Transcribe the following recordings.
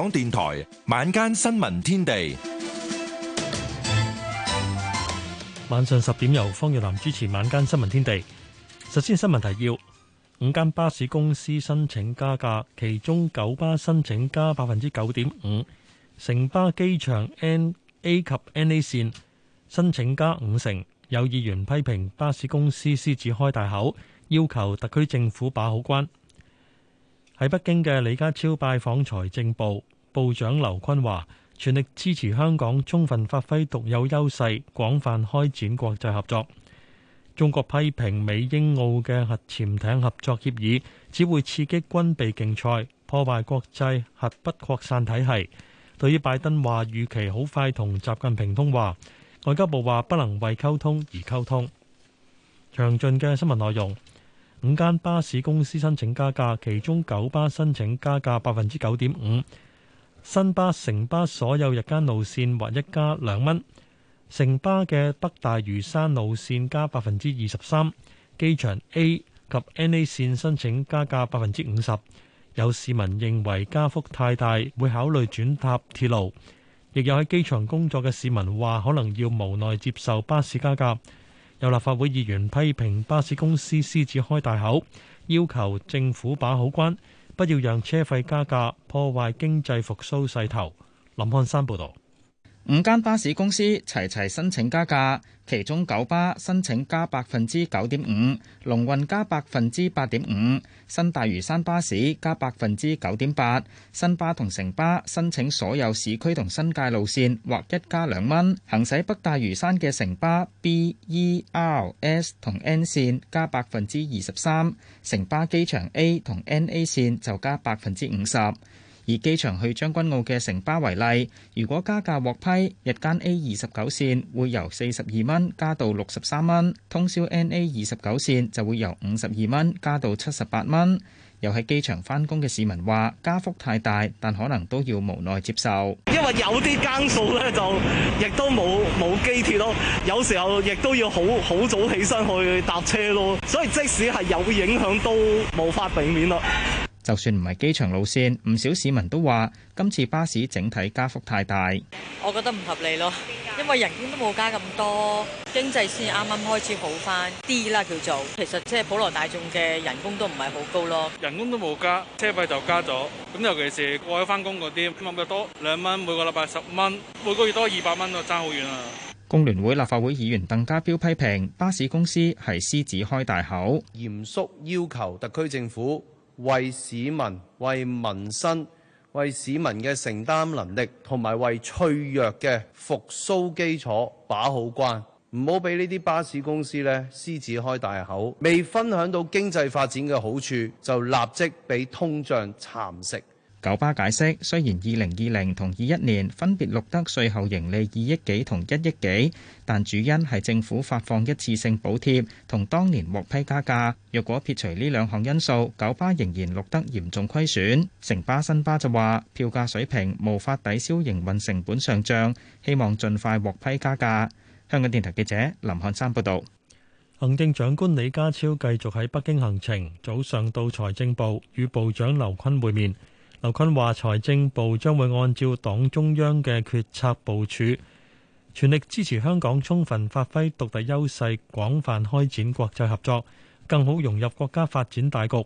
港電台晚間新聞天地，晚上十點由方若蘭主持晚間新聞天地。首先新聞提要：五間巴士公司申請加價，其中九巴申請加百分之九點五，城巴機場 N A 及 N A 線申請加五成。有議員批評巴士公司獅子開大口，要求特區政府把好關。喺北京嘅李家超拜訪財政部。部長劉昆話：全力支持香港充分發揮獨有優勢，廣泛開展國際合作。中國批評美英澳嘅核潛艇合作協議只會刺激軍備競賽，破壞國際核不擴散體系。對於拜登話預期好快同習近平通話，外交部話不能為溝通而溝通。詳盡嘅新聞內容，五間巴士公司申請加價，其中九巴申請加價百分之九點五。新巴、城巴所有日間路線或一加兩蚊，城巴嘅北大嶼山路線加百分之二十三，機場 A 及 N A 線申請加價百分之五十。有市民認為加幅太大，會考慮轉搭鐵路。亦有喺機場工作嘅市民話，可能要無奈接受巴士加價。有立法會議員批評巴士公司獅子開大口，要求政府把好關。不要讓車費加價破壞經濟復甦勢頭。林漢山報導。五間巴士公司齊齊申請加價，其中九巴申請加百分之九點五，龍運加百分之八點五，新大嶼山巴士加百分之九點八，新巴同城巴申請所有市區同新界路線或一加兩蚊。行駛北大嶼山嘅城巴 B、E、R、S 同 N 線加百分之二十三，城巴機場 A 同 NA 線就加百分之五十。以機場去將軍澳嘅城巴為例，如果加價獲批，日間 A 二十九線會由四十二蚊加到六十三蚊，通宵 N A 二十九線就會由五十二蚊加到七十八蚊。又喺機場返工嘅市民話，加幅太大，但可能都要無奈接受。因為有啲更數咧，就亦都冇冇機鐵咯，有時候亦都要好好早起身去搭車咯，所以即使係有影響，都無法避免啦。就算唔係機場路線，唔少市民都話今次巴士整體加幅太大，我覺得唔合理咯。因為人工都冇加咁多，經濟先啱啱開始好翻啲啦。叫做其實即係普羅大眾嘅人工都唔係好高咯，人工都冇加，車費就加咗。咁尤其是過咗翻工嗰啲，咁日多兩蚊，每個禮拜十蚊，每個月多二百蚊，爭好遠啊！工聯會立法會議員鄧家彪批評巴士公司係獅子開大口，嚴肅要求特區政府。為市民、為民生、為市民嘅承擔能力，同埋為脆弱嘅復甦基礎把好關，唔好俾呢啲巴士公司呢，獅子開大口，未分享到經濟發展嘅好處，就立即俾通脹蠶食。九巴解釋，雖然2020同21年分別錄得稅後盈利二億幾同一億幾，但主因係政府發放一次性補貼同當年獲批加價。若果撇除呢兩項因素，九巴仍然錄得嚴重虧損。城巴新巴就話，票價水平無法抵消營運成本上漲，希望盡快獲批加價。香港電台記者林漢山報導。行政長官李家超繼續喺北京行程，早上到財政部與部長劉坤會面。劉昆話：財政部將會按照黨中央嘅決策部署，全力支持香港充分發揮獨特優勢，廣泛開展國際合作，更好融入國家發展大局。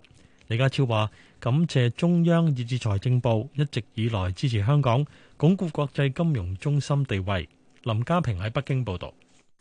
李家超話：感謝中央以至財政部一直以來支持香港，鞏固國際金融中心地位。林家平喺北京報道。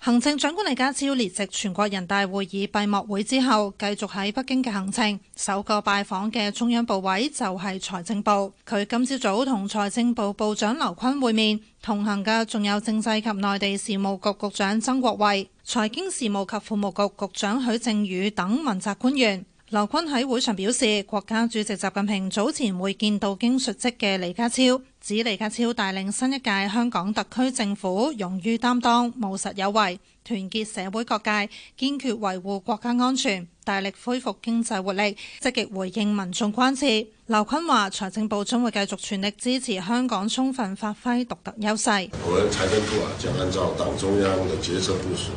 行政長官李家超列席全國人大會議閉幕會之後，繼續喺北京嘅行程，首個拜訪嘅中央部委就係財政部。佢今朝早同財政部部長劉昆會面，同行嘅仲有政制及內地事務局局長曾國衛、財經事務及庫務局局長許正宇等問責官員。劉坤喺會上表示，國家主席習近平早前會見到經述職嘅李家超，指李家超帶領新一屆香港特區政府勇於擔當、務實有為，團結社會各界，堅決維護國家安全，大力恢復經濟活力，積極回應民眾關切。劉坤話，財政部將會繼續全力支持香港充分發揮獨特優勢。我們財政部啊，將按照黨中央嘅決策部署，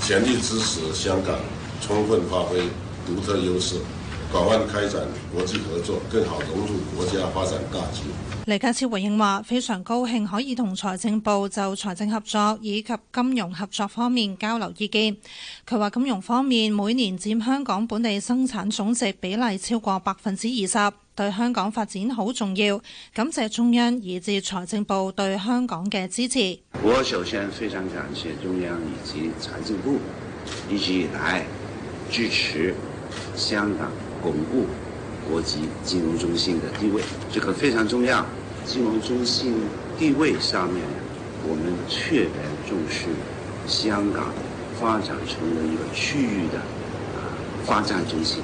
全力支持香港充分發揮。獨特優勢，廣泛開展國際合作，更好融入國家發展大局。李家超回應話：非常高興可以同財政部就財政合作以及金融合作方面交流意見。佢話：金融方面每年佔香港本地生產總值比例超過百分之二十，對香港發展好重要。感謝中央以至財政部對香港嘅支持。我首先非常感謝中央以及財政部，一直以來支持。香港鞏固國際金融中心的地位，這個非常重要。金融中心地位上面，我們確實重視香港發展成為一個區域的啊發展中心。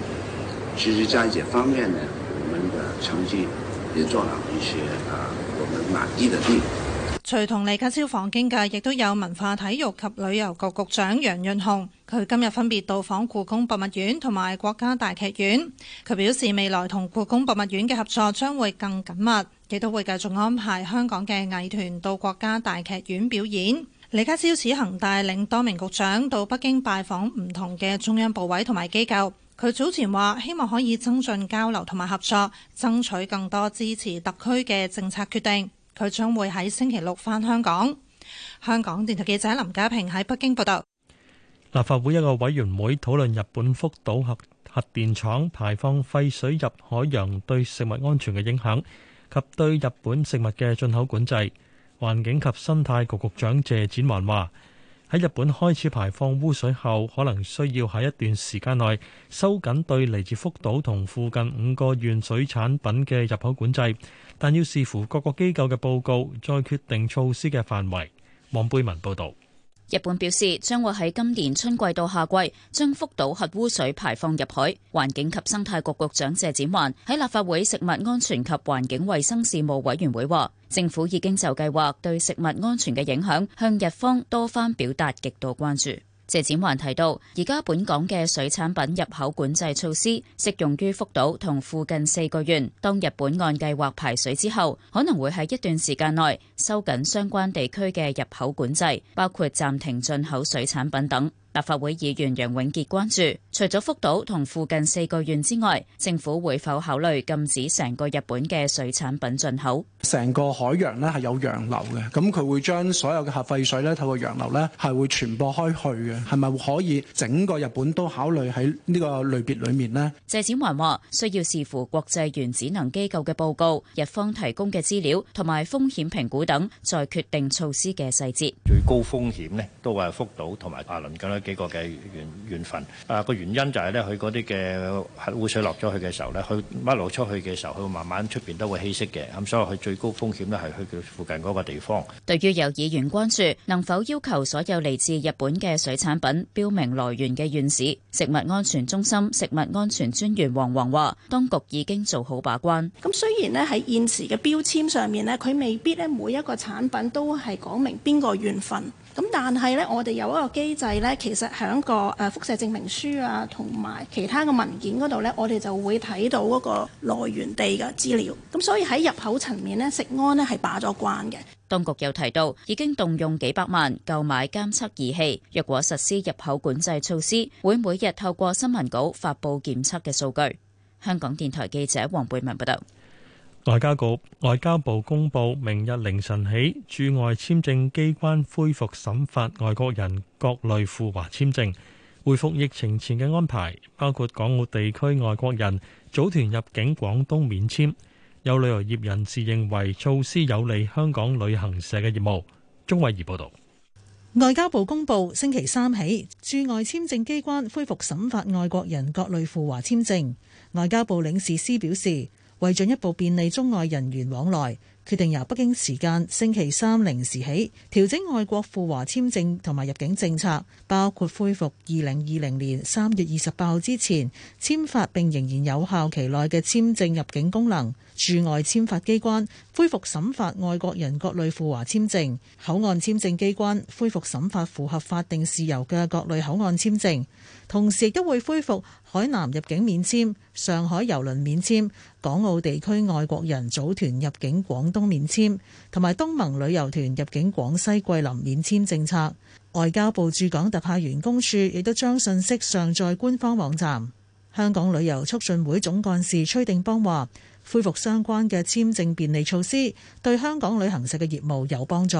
其實，在這方面呢，我們的成績也做了一些啊我們滿意的地方。隨同李家超訪京嘅，亦都有文化體育及旅遊局局長楊潤雄。佢今日分別到訪故宮博物院同埋國家大劇院。佢表示，未來同故宮博物院嘅合作將會更緊密，亦都會繼續安排香港嘅藝團到國家大劇院表演。李家超此行帶領多名局長到北京拜訪唔同嘅中央部委同埋機構。佢早前話，希望可以增進交流同埋合作，爭取更多支持特區嘅政策決定。佢將會喺星期六返香港。香港電台記者林家平喺北京報道。立法會一個委員會討論日本福島核核電廠排放廢水入海洋對食物安全嘅影響及對日本食物嘅進口管制。環境及生態局局長謝展寰話：喺日本開始排放污水後，可能需要喺一段時間內收緊對嚟自福島同附近五個縣水產品嘅入口管制。但要視乎各個機構嘅報告，再決定措施嘅範圍。黃貝文報道。日本表示將會喺今年春季到夏季將福島核污水排放入海。環境及生態局局長謝展環喺立法會食物安全及環境衛生事務委員會話，政府已經就計劃對食物安全嘅影響向日方多番表達極度關注。謝展寰提到，而家本港嘅水產品入口管制措施適用於福島同附近四個縣。當日本按計劃排水之後，可能會喺一段時間內收緊相關地區嘅入口管制，包括暫停進口水產品等。立法會議員楊永傑關注，除咗福島同附近四個縣之外，政府會否考慮禁止成個日本嘅水產品進口？成個海洋咧係有洋流嘅，咁佢會將所有嘅核廢水咧透過洋流咧係會傳播開去嘅，係咪可以整個日本都考慮喺呢個類別裡面咧？謝展寰話：需要視乎國際原子能機構嘅報告、日方提供嘅資料同埋風險評估等，再決定措施嘅細節。最高風險咧都係福島同埋啊鄰近啦。幾個嘅縣縣份啊，個原因就係咧，佢嗰啲嘅污水落咗去嘅時候咧，佢甩落出去嘅時候，佢慢慢出邊都會稀釋嘅。咁所以佢最高風險咧係去佢附近嗰個地方。對於有議員關注能否要求所有嚟自日本嘅水產品標明來源嘅縣市，食物安全中心食物安全專員黃黃話，當局已經做好把關。咁雖然呢，喺現時嘅標籤上面呢，佢未必呢，每一個產品都係講明邊個縣份。咁但係咧，我哋有一個機制咧，其實響個誒輻射證明書啊，同埋其他嘅文件嗰度咧，我哋就會睇到嗰個來源地嘅資料。咁所以喺入口層面咧，食安咧係把咗關嘅。當局又提到已經動用幾百萬購買監測儀器，若果實施入口管制措施，會每日透過新聞稿發佈檢測嘅數據。香港電台記者黃貝文報道。外交部外交部公布，明日凌晨起，駐外簽證機關恢復審發外國人各類赴華簽證，回復疫情前嘅安排，包括港澳地區外國人組團入境廣東免簽。有旅遊業人士認為，措施有利香港旅行社嘅業務。鍾慧儀報道。外交部公布，星期三起，駐外簽證機關恢復審發外國人各類赴華簽證。外交部領事司表示。為進一步便利中外人員往來，決定由北京時間星期三零時起調整外國赴華簽證同埋入境政策，包括恢復二零二零年三月二十八號之前簽發並仍然有效期內嘅簽證入境功能。駐外簽發機關恢復審發外國人各類赴華簽證，口岸簽證機關恢復審發符合法定事由嘅各類口岸簽證。同時亦都會恢復海南入境免簽、上海郵輪免簽、港澳地區外國人組團入境廣東免簽，同埋東盟旅遊團入境廣西桂林免簽政策。外交部駐港特派員公署亦都將信息上載官方網站。香港旅遊促進會總幹事崔定邦話。恢復相關嘅簽證便利措施，對香港旅行社嘅業務有幫助。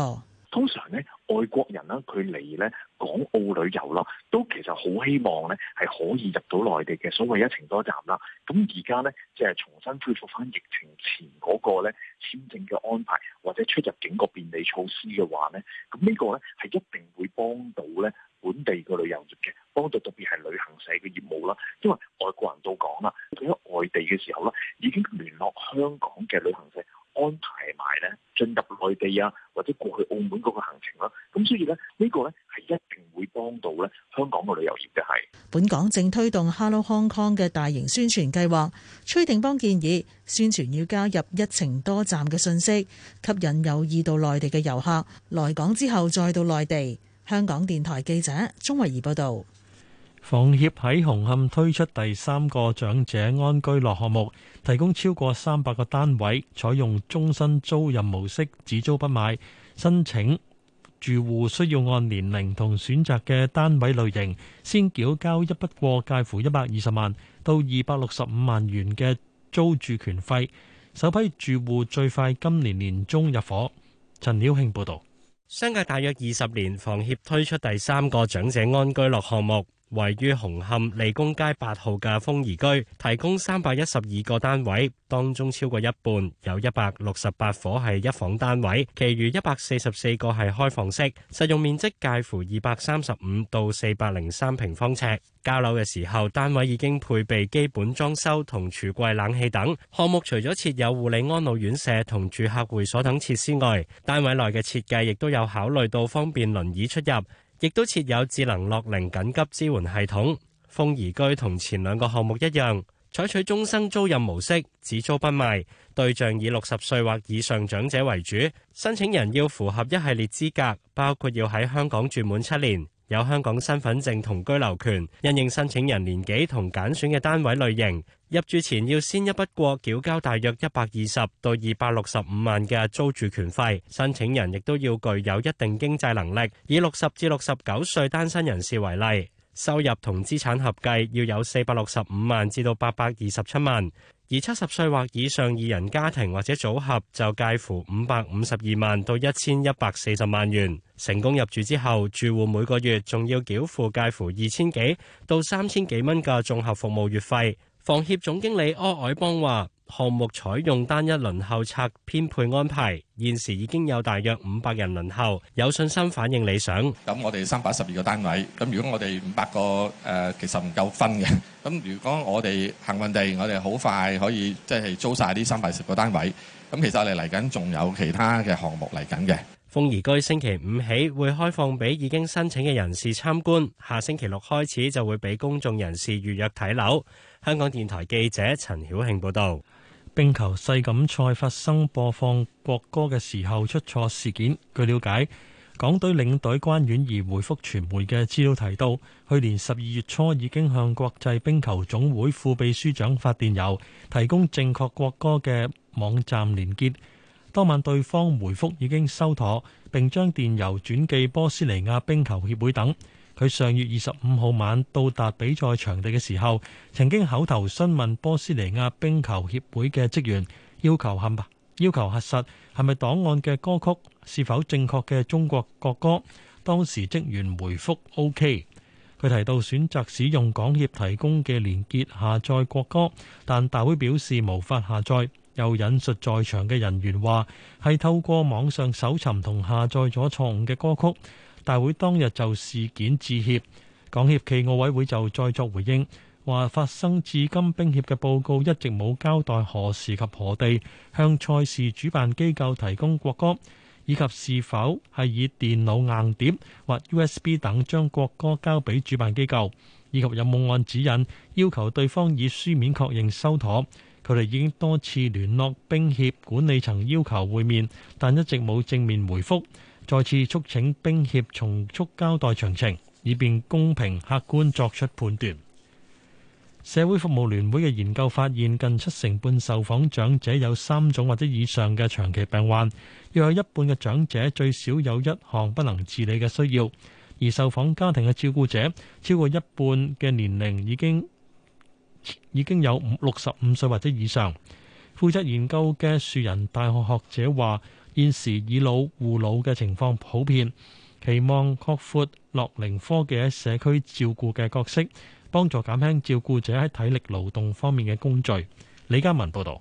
通常呢。外國人啦，佢嚟咧，港澳旅遊啦，都其實好希望咧，係可以入到內地嘅所謂一程多站啦。咁而家咧，即係重新恢復翻疫情前嗰個咧簽證嘅安排，或者出入境個便利措施嘅話咧，咁呢個咧係一定會幫到咧本地嘅旅遊業嘅，幫到特別係旅行社嘅業務啦。因為外國人都講啦，佢喺外地嘅時候啦，已經聯絡香港嘅旅行社。安排埋呢進入內地啊，或者過去澳門嗰個行程啦，咁所以呢，呢個呢係一定會幫到呢香港嘅旅遊業嘅係。本港正推動 Hello Hong Kong 嘅大型宣傳計劃，崔定邦建議宣傳要加入一程多站嘅信息，吸引有意到內地嘅遊客來港之後再到內地。香港電台記者鍾慧儀報道。房協喺紅磡推出第三個長者安居樂項目，提供超過三百個單位，採用終身租賃模式，只租不買。申請住戶需要按年齡同選擇嘅單位類型，先繳交一筆過介乎一百二十萬到二百六十五萬元嘅租住權費。首批住戶最快今年年中入伙。陳曉慶報道，相隔大約二十年，房協推出第三個長者安居樂項目。位於紅磡利工街八號嘅豐怡居，提供三百一十二個單位，當中超過一半有一百六十八伙係一房單位，其餘一百四十四個係開放式，實用面積介乎二百三十五到四百零三平方尺。交樓嘅時候，單位已經配備基本裝修同櫥櫃、冷氣等。項目除咗設有護理安老院舍同住客會所等設施外，單位內嘅設計亦都有考慮到方便輪椅出入。亦都設有智能樂齡緊急支援系統。豐頤居同前兩個項目一樣，採取終生租住模式，只租不賣，對象以六十歲或以上長者為主。申請人要符合一系列資格，包括要喺香港住滿七年。有香港身份證同居留權，因應申請人年紀同揀選嘅單位類型，入住前要先一筆過繳交大約一百二十到二百六十五萬嘅租住權費。申請人亦都要具有一定經濟能力。以六十至六十九歲單身人士為例，收入同資產合計要有四百六十五萬至到八百二十七萬，而七十歲或以上二人家庭或者組合就介乎五百五十二萬到一千一百四十萬元。成功入住之後，住戶每個月仲要繳付介乎二千幾到三千幾蚊嘅綜合服務月費。房協總經理柯凱邦話。項目採用單一輪候冊編配安排，現時已經有大約五百人輪候，有信心反映理想。咁我哋三百十二個單位，咁如果我哋五百個誒、呃，其實唔夠分嘅。咁如果我哋幸運地，我哋好快可以即係租晒呢三百十二個單位。咁其實我哋嚟緊仲有其他嘅項目嚟緊嘅。豐頤居星期五起會開放俾已經申請嘅人士參觀，下星期六開始就會俾公眾人士預約睇樓。香港電台記者陳曉慶報導。冰球世錦賽發生播放國歌嘅時候出錯事件。據了解，港隊領隊關婉怡回覆傳媒嘅資料提到，去年十二月初已經向國際冰球總會副秘書長發電郵，提供正確國歌嘅網站連結，當晚對方回覆已經收妥，並將電郵轉寄波斯尼亞冰球協會等。佢上月二十五號晚到達比賽場地嘅時候，曾經口頭詢問波斯尼亞冰球協會嘅職員，要求核要求核實係咪檔案嘅歌曲是否正確嘅中國國歌。當時職員回覆 OK，佢提到選擇使用港協提供嘅連結下載國歌，但大會表示無法下載，又引述在場嘅人員話係透過網上搜尋同下載咗錯誤嘅歌曲。大會當日就事件致歉，港協暨奧委會就再作回應，話發生至今，冰協嘅報告一直冇交代何時及何地向賽事主辦機構提供國歌，以及是否係以電腦硬碟或 USB 等將國歌交俾主辦機構，以及有冇按指引要求對方以書面確認收妥。佢哋已經多次聯絡冰協管理層要求會面，但一直冇正面回覆。再次促請兵協從速交代詳情，以便公平客觀作出判斷。社會服務聯會嘅研究發現，近七成半受訪長者有三種或者以上嘅長期病患，約有一半嘅長者最少有一項不能自理嘅需要。而受訪家庭嘅照顧者，超過一半嘅年齡已經已經有六十五歲或者以上。負責研究嘅樹人大學學者話。現時以老護老嘅情況普遍，期望擴闊樂齡科技喺社區照顧嘅角色，幫助減輕照顧者喺體力勞動方面嘅工序。李嘉文報道。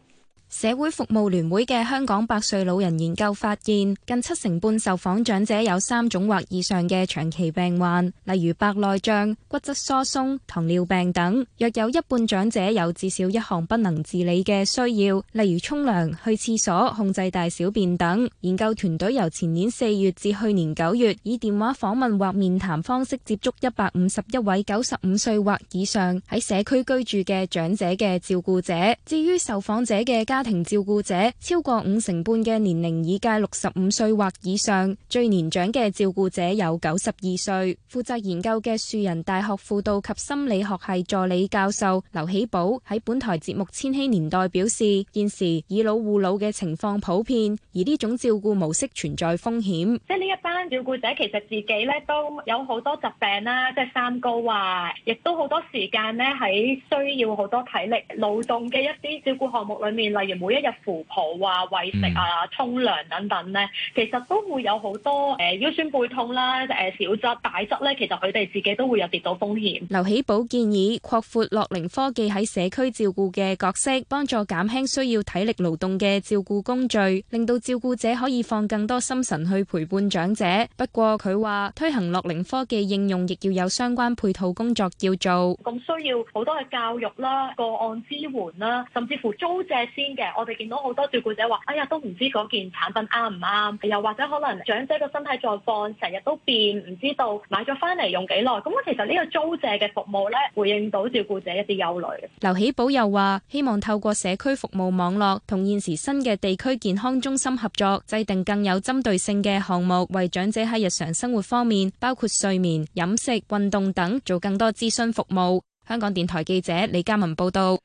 社會服務聯會嘅香港百歲老人研究發現，近七成半受訪長者有三種或以上嘅長期病患，例如白內障、骨質疏鬆、糖尿病等。約有一半長者有至少一項不能自理嘅需要，例如沖涼、去廁所、控制大小便等。研究團隊由前年四月至去年九月，以電話訪問或面談方式接觸一百五十一位九十五歲或以上喺社區居住嘅長者嘅照顧者。至於受訪者嘅家家庭照顧者超過五成半嘅年齡已屆六十五歲或以上，最年長嘅照顧者有九十二歲。負責研究嘅樹人大學輔導及心理學系助理教授劉喜寶喺本台節目《千禧年代》表示，現時以老護老嘅情況普遍，而呢種照顧模式存在風險。即係呢一班照顧者其實自己咧都有好多疾病啦，即係三高啊，亦都好多時間咧喺需要好多體力勞動嘅一啲照顧項目裏面，例如每一日扶抱啊、餵食啊、沖涼等等咧，其實都會有好多誒腰酸背痛啦、誒小則大則咧，其實佢哋自己都會有跌倒風險。劉喜寶建議擴闊樂齡科技喺社區照顧嘅角色，幫助減輕需要體力勞動嘅照顧工序，令到照顧者可以放更多心神去陪伴長者。不過佢話推行樂齡科技應用，亦要有相關配套工作要做，咁需要好多嘅教育啦、個案支援啦，甚至乎租借先，嘅，我哋見到好多照顧者話：哎呀，都唔知嗰件產品啱唔啱，又或者可能長者個身體狀況成日都變，唔知道買咗翻嚟用幾耐。咁我其實呢個租借嘅服務咧，回應到照顧者一啲憂慮。劉喜寶又話：希望透過社區服務網絡同現時新嘅地區健康中心合作，制定更有針對性嘅項目，為長者喺日常生活方面，包括睡眠、飲食、運動等，做更多諮詢服務。香港電台記者李嘉文報道。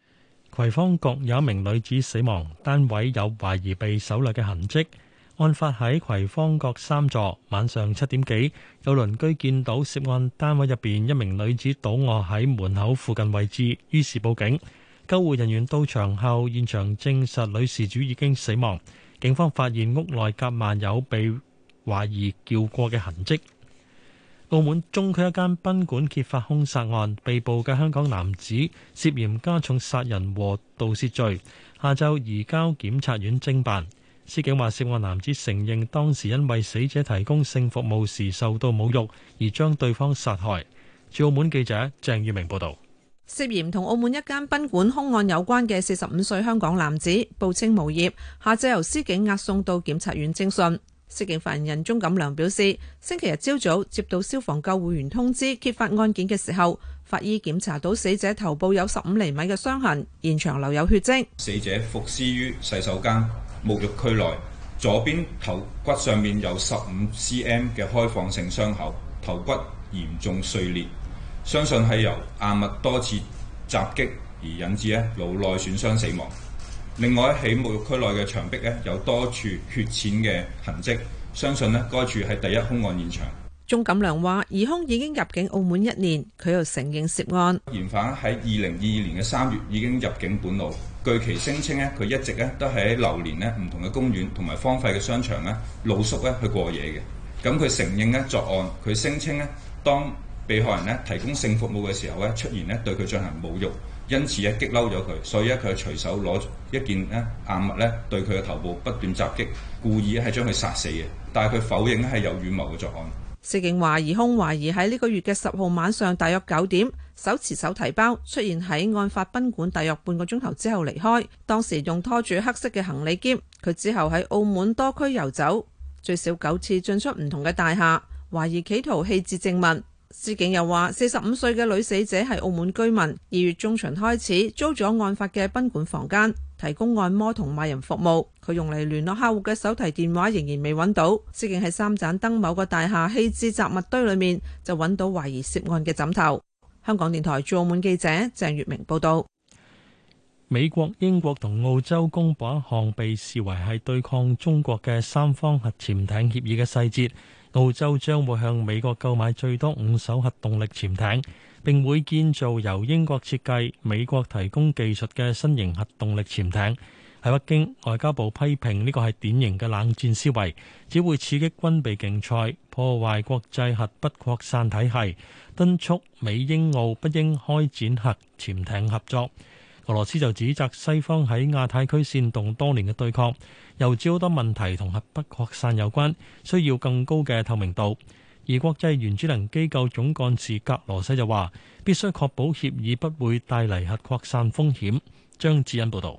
葵芳閣有一名女子死亡，單位有懷疑被搜掠嘅痕跡。案發喺葵芳閣三座，晚上七點幾，有鄰居見到涉案單位入邊一名女子倒卧喺門口附近位置，於是報警。救護人員到場後，現場證實女事主已經死亡。警方發現屋內夾萬有被懷疑撬過嘅痕跡。澳門中區一間賓館揭發凶殺案，被捕嘅香港男子涉嫌加重殺人和盜竊罪，下晝移交檢察院偵辦。司警話，涉案男子承認當時因為死者提供性服務時受到侮辱，而將對方殺害。駐澳門記者鄭宇明報道。涉嫌同澳門一間賓館凶案有關嘅四十五歲香港男子，報稱無業，下晝由司警押送到檢察院偵訊。涉警犯人鐘錦良表示，星期日朝早接到消防救護員通知揭發案件嘅時候，法醫檢查到死者頭部有十五厘米嘅傷痕，現場留有血跡。死者服屍於洗手間沐浴區內，左邊頭骨上面有十五 cm 嘅開放性傷口，頭骨嚴重碎裂，相信係由硬物多次襲擊而引致咧腦內損傷死亡。另外，喺沐浴區內嘅牆壁咧，有多處血漬嘅痕跡，相信呢該處係第一兇案現場。鍾錦良話：疑兇已經入境澳門一年，佢又承認涉案。嫌犯喺二零二二年嘅三月已經入境本澳，據其聲稱咧，佢一直咧都喺流連咧唔同嘅公園同埋荒廢嘅商場咧露宿咧去過夜嘅。咁佢承認呢作案，佢聲稱呢，當被害人呢提供性服務嘅時候咧出現呢對佢進行侮辱。因此一激嬲咗佢，所以咧佢就隨手攞一件咧硬物咧對佢嘅頭部不斷襲擊，故意係將佢殺死嘅。但係佢否認係有預謀嘅作案。司警懷疑兇懷疑喺呢個月嘅十號晚上大約九點，手持手提包出現喺案發賓館，大約半個鐘頭之後離開。當時用拖住黑色嘅行李篋。佢之後喺澳門多區遊走，最少九次進出唔同嘅大廈，懷疑企圖棄置證物。司警又話，四十五歲嘅女死者係澳門居民，二月中旬開始租咗案發嘅賓館房間，提供按摩同賣淫服務。佢用嚟聯絡客戶嘅手提電話仍然未揾到，司警喺三盞燈某個大廈棄置雜物堆裏面就揾到懷疑涉案嘅枕頭。香港電台駐澳門記者鄭月明報道。美國英國同澳洲公布一項被視為係對抗中國嘅三方核潛艇協議嘅細節，澳洲將會向美國購買最多五艘核動力潛艇，並會建造由英國設計，美國提供技術嘅新型核動力潛艇。喺北京外交部批評呢個係典型嘅冷戰思維，只會刺激軍備競賽，破壞國際核不擴散體系，敦促美英澳不應開展核潛艇合作。俄羅斯就指責西方喺亞太區煽動多年嘅對抗，又指好多問題同核不擴散有關，需要更高嘅透明度。而國際原子能機構總幹事格羅西就話，必須確保協議不會帶嚟核擴散風險。張智恩報道。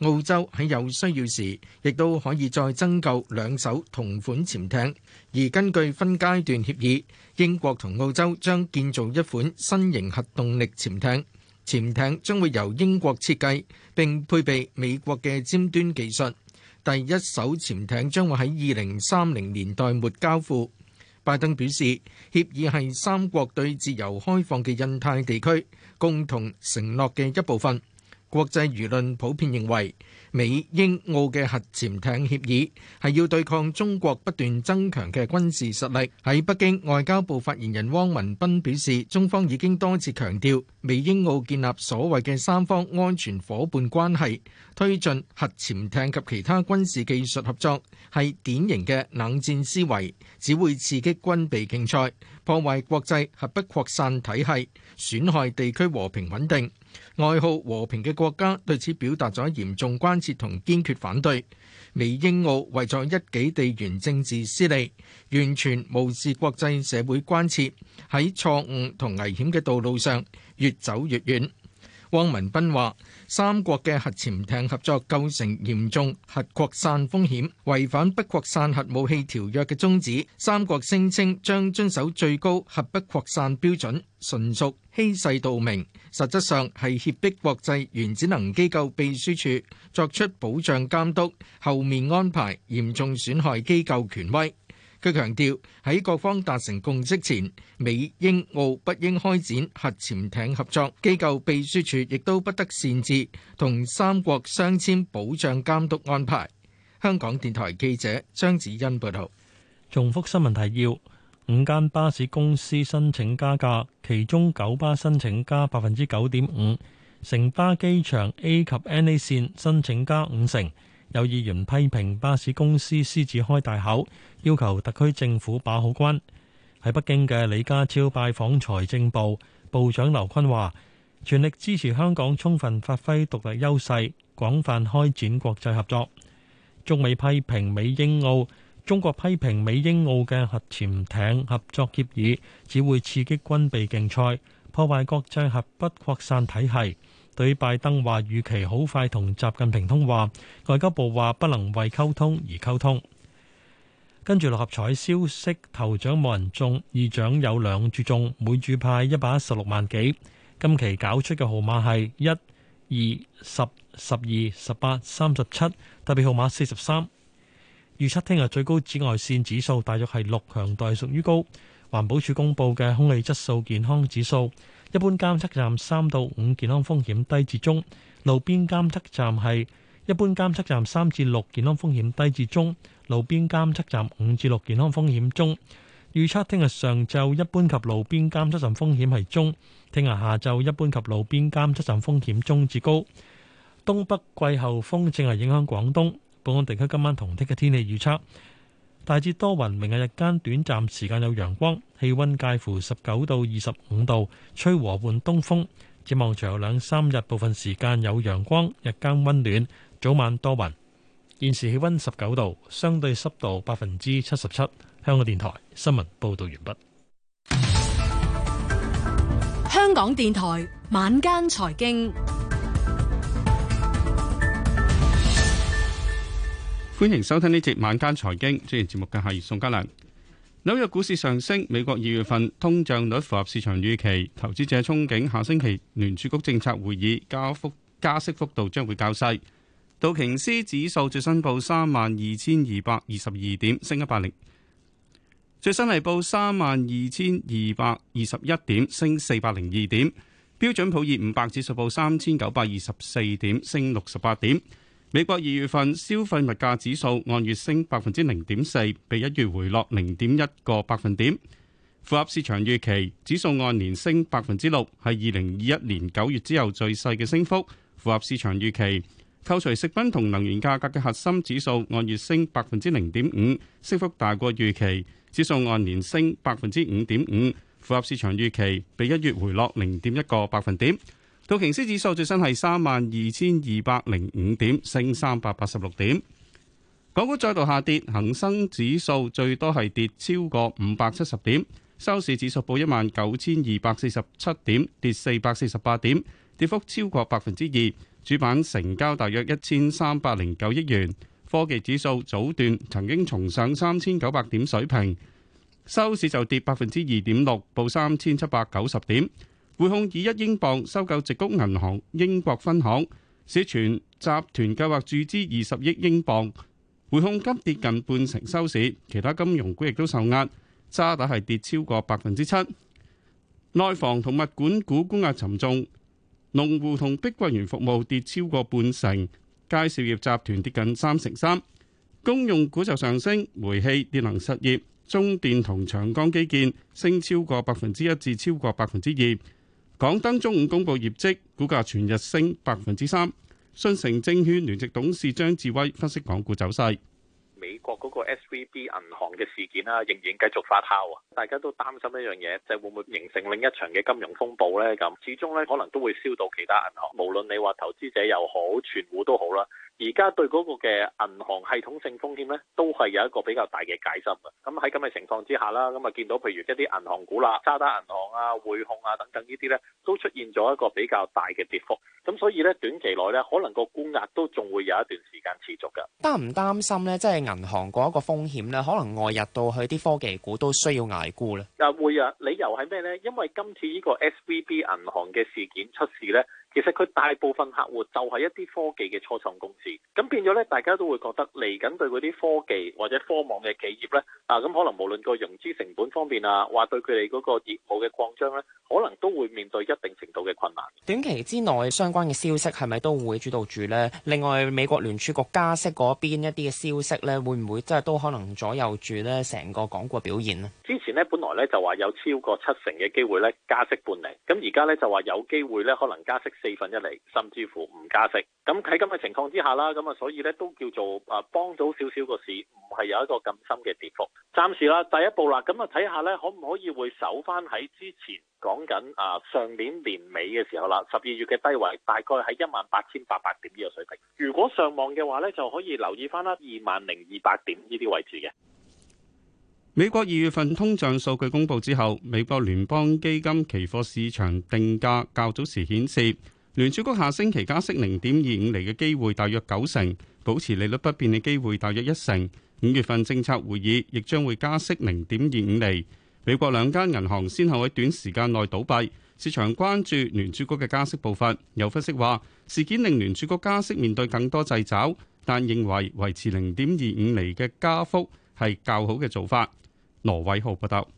澳洲喺有需要時，亦都可以再增購兩艘同款潛艇。而根據分階段協議，英國同澳洲將建造一款新型核動力潛艇。潛艇將會由英國設計，並配備美國嘅尖端技術。第一艘潛艇將會喺二零三零年代末交付。拜登表示，協議係三國對自由開放嘅印太地區共同承諾嘅一部分。國際輿論普遍認為，美英澳嘅核潛艇協議係要對抗中國不斷增強嘅軍事實力。喺北京，外交部發言人汪文斌表示，中方已經多次強調，美英澳建立所謂嘅三方安全伙伴關係，推進核潛艇及其他軍事技術合作，係典型嘅冷戰思維，只會刺激軍備競賽，破壞國際核不擴散體系，損害地區和平穩定。愛好和平嘅國家對此表達咗嚴重關切同堅決反對。美英澳為咗一己地緣政治私利，完全無視國際社會關切，喺錯誤同危險嘅道路上越走越遠。汪文斌話：三國嘅核潛艇合作構成嚴重核擴散風險，違反不擴散核武器條約嘅宗旨。三國聲稱將遵守最高核不擴散標準，純屬欺世盜名，實質上係脅迫國際原子能機構秘書處作出保障監督後面安排，嚴重損害機構權威。佢強調喺各方達成共識前，美英澳不應開展核潛艇合作。機構秘書處亦都不得擅自同三國商簽保障監督安排。香港電台記者張子欣報道。重複新聞提要：五間巴士公司申請加價，其中九巴申請加百分之九點五，城巴機場 A 及 NA 線申請加五成。有議員批評巴士公司獅子開大口，要求特區政府把好關。喺北京嘅李家超拜訪財政部，部長劉昆話：全力支持香港充分發揮獨立優勢，廣泛開展國際合作。中美批評美英澳，中國批評美英澳嘅核潛艇合作協議，只會刺激軍備競賽，破壞國際核不擴散體系。對拜登話預期好快同習近平通話，外交部話不能為溝通而溝通。跟住六合彩消息，頭獎冇人中，二獎有兩注中，每注派一百一十六萬幾。今期搞出嘅號碼係一、二、十、十二、十八、三十七，特別號碼四十三。預測聽日最高紫外線指數大約係六，強度係屬於高。環保署公布嘅空氣質素健康指數。一般監測站三到五健康風險低至中，路邊監測站係一般監測站三至六健康風險低至中，路邊監測站五至六健康風險中。預測聽日上晝一般及路邊監測站風險係中，聽日下晝一般及路邊監測站風險中至高。東北季候風正係影響廣東，本港地區今晚同聽日嘅天氣預測。大致多雲，明日日間短暫時間有陽光，氣溫介乎十九到二十五度，吹和緩東風。展望隨後兩三日，部分時間有陽光，日間溫暖，早晚多雲。現時氣溫十九度，相對濕度百分之七十七。香港電台新聞報道完畢。香港電台晚間財經。歡迎收聽呢節晚間財經，主持節目嘅係宋嘉良。紐約股市上升，美國二月份通脹率符合市場預期，投資者憧憬下星期聯儲局政策會議加幅加息幅度將會較細。道瓊斯指數最新報三萬二千二百二十二點，升一百零；最新係報三萬二千二百二十一點，升四百零二點。標準普爾五百指數報三千九百二十四點，升六十八點。美國二月份消費物價指數按月升百分之零點四，比一月回落零點一個百分點，符合市場預期。指數按年升百分之六，係二零二一年九月之後最細嘅升幅，符合市場預期。扣除食品同能源價格嘅核心指數按月升百分之零點五，升幅大過預期。指數按年升百分之五點五，符合市場預期，比一月回落零點一個百分點。道瓊斯指數最新係三萬二千二百零五點，升三百八十六點。港股再度下跌，恒生指數最多係跌超過五百七十點，收市指數報一萬九千二百四十七點，跌四百四十八點，跌幅超過百分之二。主板成交大約一千三百零九億元。科技指數早段曾經重上三千九百點水平，收市就跌百分之二點六，報三千七百九十點。匯控以一英鎊收購矽谷銀行英國分行，市傳集團計劃注資二十億英鎊。匯控急跌近半成收市，其他金融股亦都受壓，渣打係跌超過百分之七。內房同物管股沽壓沉重，龍湖同碧桂園服務跌超過半成，佳兆業集團跌近三成三。公用股就上升，煤氣電能實業、中電同長江基建升超過百分之一至超過百分之二。港燈中午公布業績，股價全日升百分之三。信誠證券聯席董事張智威分析港股走勢：美國嗰個 SVB 銀行嘅事件啦，仍然繼續發酵啊，大家都擔心一樣嘢，就係會唔會形成另一場嘅金融風暴呢？咁，始終咧可能都會燒到其他銀行，無論你話投資者又好，存戶都好啦。而家對嗰個嘅銀行系統性風險咧，都係有一個比較大嘅戒心嘅。咁喺咁嘅情況之下啦，咁啊見到譬如一啲銀行股啦，渣打銀行啊、匯控啊等等呢啲咧，都出現咗一個比較大嘅跌幅。咁所以咧，短期內咧，可能個沽壓都仲會有一段時間持續嘅。擔唔擔心咧？即係銀行嗰一個風險咧，可能外溢到去啲科技股都需要捱沽咧？嗱會啊！理由係咩咧？因為今次呢個 S V B 銀行嘅事件出事咧，其實佢大部分客戶就係一啲科技嘅初創公司。咁變咗咧，大家都會覺得嚟緊對嗰啲科技或者科網嘅企業咧，啊咁可能無論個融資成本方面啊，或對佢哋嗰個業務嘅擴張咧，可能都會面對一定程度嘅困難。短期之內相關嘅消息係咪都會主導住呢？另外，美國聯儲局加息嗰邊，一啲嘅消息咧，會唔會即係都可能左右住咧成個港股嘅表現呢？之前呢本來咧就話有超過七成嘅機會咧加息半釐，咁而家咧就話有機會咧可能加息四分一釐，甚至乎唔加息。咁喺咁嘅情況之下。啦，咁啊，所以咧都叫做啊，幫到少少個市，唔係有一個咁深嘅跌幅。暫時啦，第一步啦，咁啊，睇下咧，可唔可以會守翻喺之前講緊啊上年年尾嘅時候啦，十二月嘅低位，大概喺一萬八千八百點呢個水平。如果上望嘅話咧，就可以留意翻啦，二萬零二百點呢啲位置嘅。美國二月份通脹數據公布之後，美國聯邦基金期貨市場定價較早時顯示。聯儲局下星期加息0.25厘嘅機會大約九成，保持利率不變嘅機會大約一成。五月份政策會議亦將會加息0.25厘。美國兩間銀行先後喺短時間內倒閉，市場關注聯儲局嘅加息步伐。有分析話，事件令聯儲局加息面對更多掣肘，但認為維持0.25厘嘅加幅係較好嘅做法。羅偉浩報道。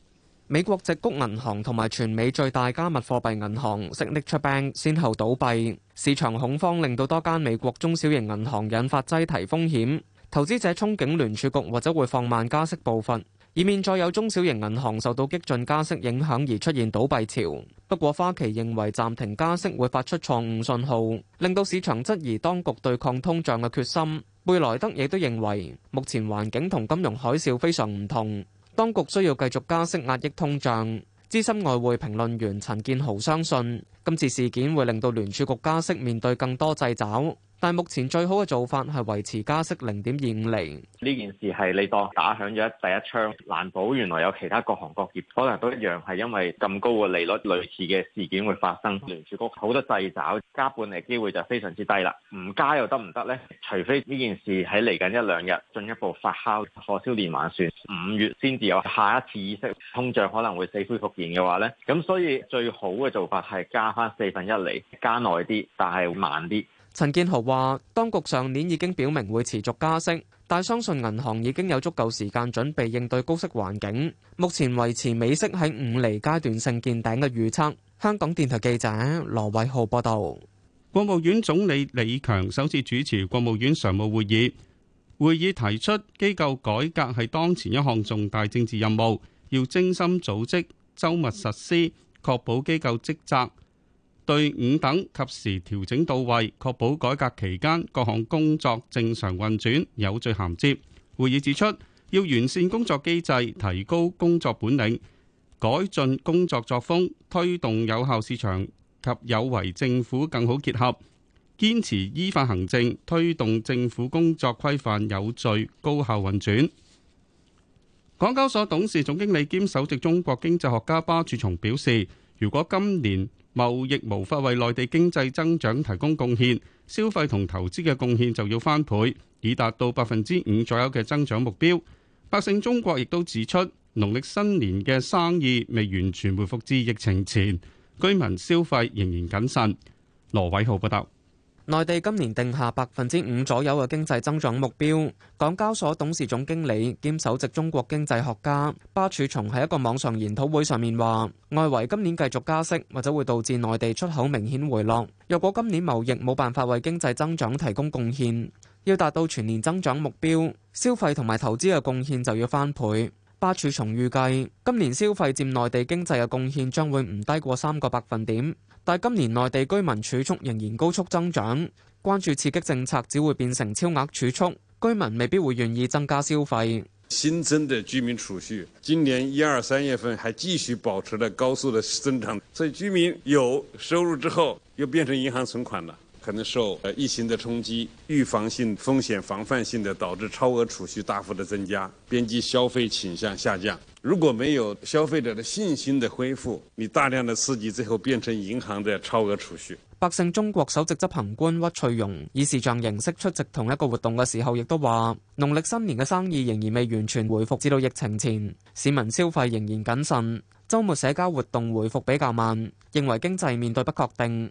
美國矽谷銀行同埋全美最大加密貨幣銀行 Signature Bank，先後倒閉。市場恐慌令到多間美國中小型銀行引發擠提風險。投資者憧憬聯儲局或者會放慢加息步伐，以免再有中小型銀行受到激進加息影響而出現倒閉潮。不過花旗認為暫停加息會發出錯誤信號，令到市場質疑當局對抗通脹嘅決心。貝萊德亦都認為目前環境同金融海嘯非常唔同。當局需要繼續加息壓抑通脹。資深外匯評論員陳建豪相信，今次事件會令到聯儲局加息面對更多掣肘。但目前最好嘅做法係維持加息零點二五零呢件事係你當打響咗第一槍，難保原來有其他各行各業可能都一樣，係因為咁高嘅利率，類似嘅事件會發生。聯儲局好多掣肘，加半釐機會就非常之低啦。唔加又得唔得呢？除非呢件事喺嚟緊一兩日進一步發酵、火燒連環船，五月先至有下一次議息通脹可能會死灰復燃嘅話呢，咁所以最好嘅做法係加返四分一釐，加耐啲，但係慢啲。陳建豪話：當局上年已經表明會持續加息，但相信銀行已經有足夠時間準備應對高息環境。目前維持美息喺五厘階段性見頂嘅預測。香港電台記者羅偉浩報道。國務院總理李強首次主持國務院常務會議，會議提出機構改革係當前一項重大政治任務，要精心組織、周密實施，確保機構職責。隊伍等及時調整到位，確保改革期間各項工作正常運轉，有序銜接。會議指出，要完善工作機製，提高工作本領，改進工作作風，推動有效市場及有為政府更好結合，堅持依法行政，推動政府工作規範有序高效運轉。港交所董事總經理兼首席中國經濟學家巴曙松表示，如果今年貿易無法為內地經濟增長提供貢獻，消費同投資嘅貢獻就要翻倍，以達到百分之五左右嘅增長目標。百姓中國亦都指出，農曆新年嘅生意未完全回復至疫情前，居民消費仍然謹慎。羅偉浩報道。內地今年定下百分之五左右嘅經濟增長目標。港交所董事總經理兼首席中國經濟學家巴曙松喺一個網上研討會上面話：外圍今年繼續加息，或者會導致內地出口明顯回落。若果今年貿易冇辦法為經濟增長提供貢獻，要達到全年增長目標，消費同埋投資嘅貢獻就要翻倍。巴曙松預計，今年消費佔內地經濟嘅貢獻將會唔低過三個百分點。但今年內地居民儲蓄仍然高速增長，關注刺激政策只會變成超額儲蓄，居民未必會願意增加消費。新增的居民儲蓄今年一二三月份還繼續保持了高速的增長，所以居民有收入之後又變成銀行存款了。可能受疫情的衝擊，預防性風險防範性的導致超額儲蓄大幅的增加，邊際消費傾向下降。如果沒有消費者的信心的恢復，你大量的刺激最後變成銀行的超額儲蓄。百勝中國首席執行官屈翠容以視像形式出席同一個活動嘅時候，亦都話農曆新年嘅生意仍然未完全回復至到疫情前，市民消費仍然謹慎，周末社交活動回復比較慢，認為經濟面對不確定。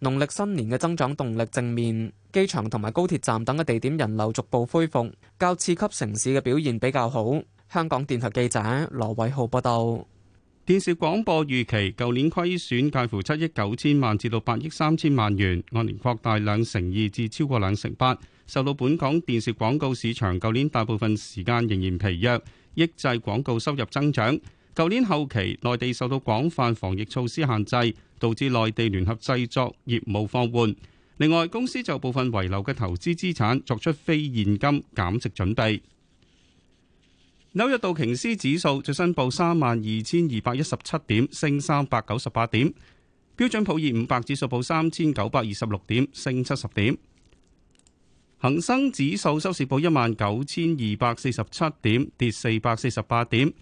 農曆新年嘅增長動力正面，機場同埋高鐵站等嘅地點人流逐步恢復，較次級城市嘅表現比較好。香港電台記者羅偉浩報道。電視廣播預期舊年虧損介乎七億九千萬至到八億三千萬元，按年擴大兩成二至超過兩成八，受到本港電視廣告市場舊年大部分時間仍然疲弱，抑制廣告收入增長。舊年後期，內地受到廣泛防疫措施限制，導致內地聯合製作業務放緩。另外，公司就部分遺留嘅投資資產作出非現金減值準備。紐約道瓊斯指數最新報三萬二千二百一十七點，升三百九十八點。標準普爾五百指數報三千九百二十六點，升七十點。恒生指數收市報一萬九千二百四十七點，跌四百四十八點。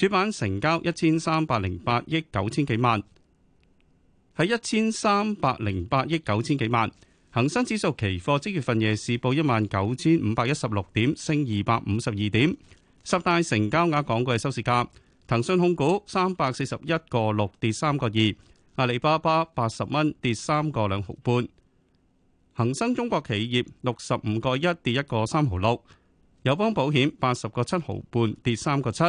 主板成交一千三百零八億九千幾萬，喺一千三百零八億九千幾萬。恒生指數期貨即月份夜市報一萬九千五百一十六點，升二百五十二點。十大成交額港股嘅收市價，騰訊控股三百四十一個六跌三個二，阿里巴巴八十蚊跌三個兩毫半，恒生中國企業六十五個一跌一個三毫六，友邦保險八十個七毫半跌三個七。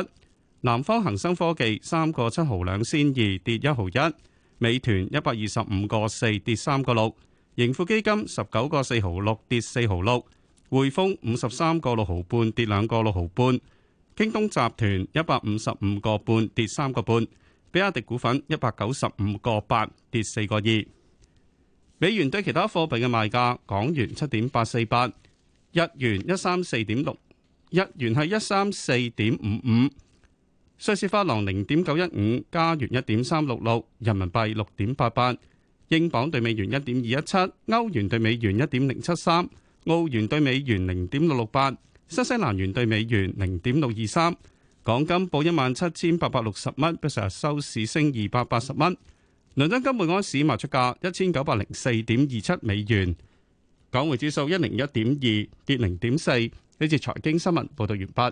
南方恒生科技三個七毫兩仙二跌一毫一，美團一百二十五個四跌三個六，盈富基金十九個四毫六跌四毫六，匯豐五十三個六毫半跌兩個六毫半，京東集團一百五十五個半跌三個半，比亞迪股份一百九十五個八跌四個二，美元兌其他貨幣嘅賣價，港元七點八四八，日元一三四點六，日元係一三四點五五。瑞士法郎零點九一五，加元一點三六六，人民幣六點八八，英鎊兌美元一點二一七，歐元兌美元一點零七三，澳元兌美元零點六六八，新西蘭元兌美元零點六二三。港金報一萬七千八百六十蚊，比上日收市升二百八十蚊。倫敦金每安市賣出價一千九百零四點二七美元。港匯指數一零一點二，跌零點四。呢次財經新聞報道完畢。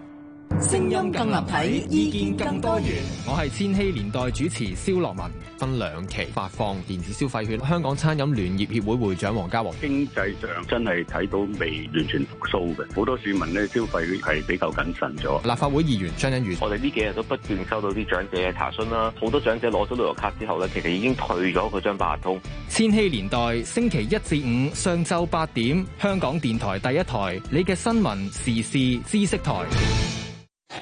聲音更立體，意見更多元。我係千禧年代主持蕭樂文，分兩期發放電子消費券。香港餐飲聯業協會會長黃家和：經濟上真係睇到未完全復甦嘅，好多市民呢，消費係比較謹慎咗。立法會議員張欣如。我哋呢幾日都不斷收到啲長者嘅查詢啦，好多長者攞咗旅遊卡之後呢，其實已經退咗佢張八達通。千禧年代星期一至五上晝八點，香港電台第一台，你嘅新聞時事知識台。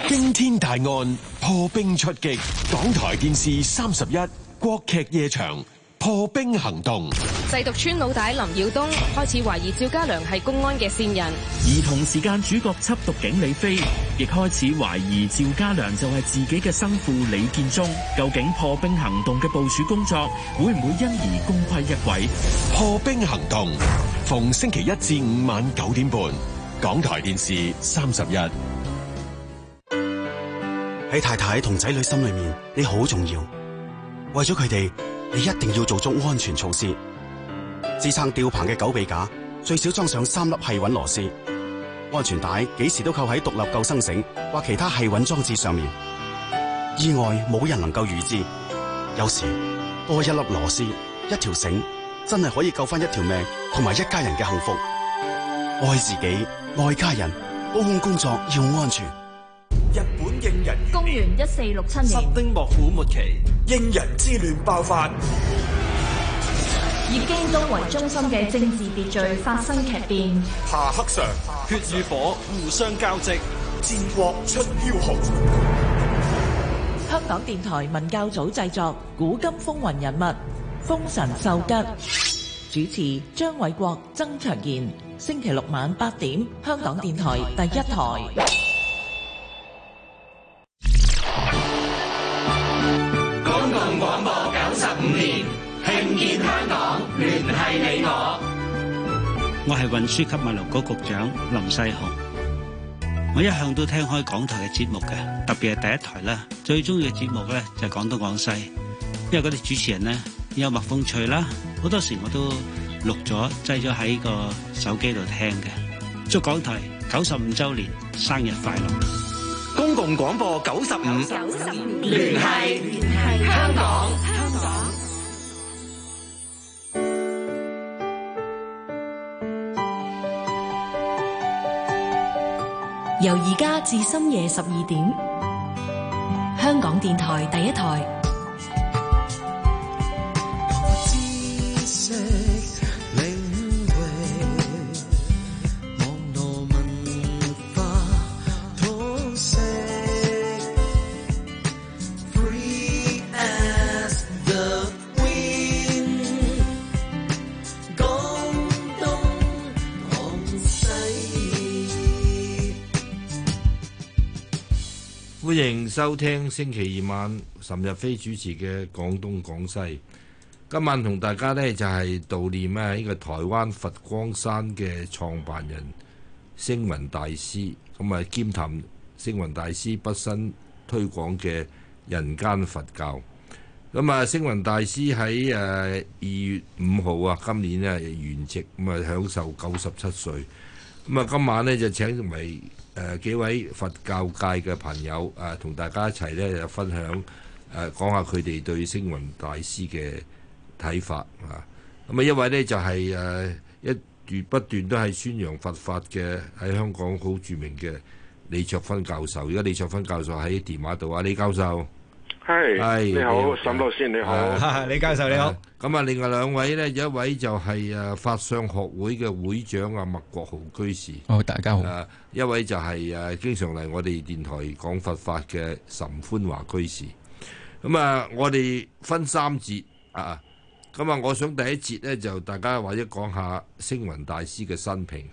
驚天大案破冰出擊，港台電視三十一國劇夜場破冰行動。製毒村老大林耀東開始懷疑趙家良係公安嘅線人，而同時間主角緝毒警李飛亦開始懷疑趙家良就係自己嘅生父李建忠。究竟破冰行動嘅部署工作會唔會因而功虧一簣？破冰行動，逢星期一至五晚九點半，港台電視三十一。喺太太同仔女心裏面，你好重要。為咗佢哋，你一定要做足安全措施。自撐吊棚嘅狗臂架最少裝上三粒繫穩螺絲。安全帶幾時都扣喺獨立救生繩或其他繫穩裝置上面。意外冇人能夠預知，有時多一粒螺絲、一條繩，真係可以救翻一條命同埋一家人嘅幸福。愛自己，愛家人，高空工作要安全。公元一四六七年，室町幕府末期，應仁之亂爆發，以京都為中心嘅政治秩序發生劇變。下剋上，血與火互相交織，戰國出梟雄。香港電台文教組製作《古今風雲人物·豐臣秀吉》，主持張偉國、曾卓然。星期六晚八點，香港電台第一台。係運輸及物流局局長林世雄，我一向都聽開港台嘅節目嘅，特別係第一台啦，最中意嘅節目咧就係廣東廣西，因為嗰啲主持人咧幽默風趣啦，好多時我都錄咗，擠咗喺個手機度聽嘅。祝港台九十五周年生日快樂！公共廣播九十五，聯繫香港。由而家至深夜十二點，香港電台第一台。歡迎收聽星期二晚岑日飛主持嘅《廣東廣西》。今晚同大家呢就係悼念啊呢個台灣佛光山嘅創辦人星雲大師，咁啊兼談星雲大師畢生推廣嘅人間佛教。咁啊星雲大師喺誒二月五號啊，今年呢，圓寂，咁啊享受九十七歲。咁啊，今晚咧就請同埋誒幾位佛教界嘅朋友啊，同大家一齊咧就分享誒講下佢哋對星雲大師嘅睇法啊。咁啊，一位咧就係誒一斷不斷都係宣揚佛法嘅喺香港好著名嘅李卓芬教授。而家李卓芬教授喺電話度，啊李教授。係，你好，沈老師，你好，李教授，你好。咁啊，另外兩位呢，有一位就係啊法相學會嘅會長啊麥國豪居士。好、哦，大家好。啊，一位就係啊經常嚟我哋電台講佛法嘅岑歡華居士。咁啊，我哋分三節啊。咁啊，我想第一節呢，就大家或者講下星雲大師嘅生平。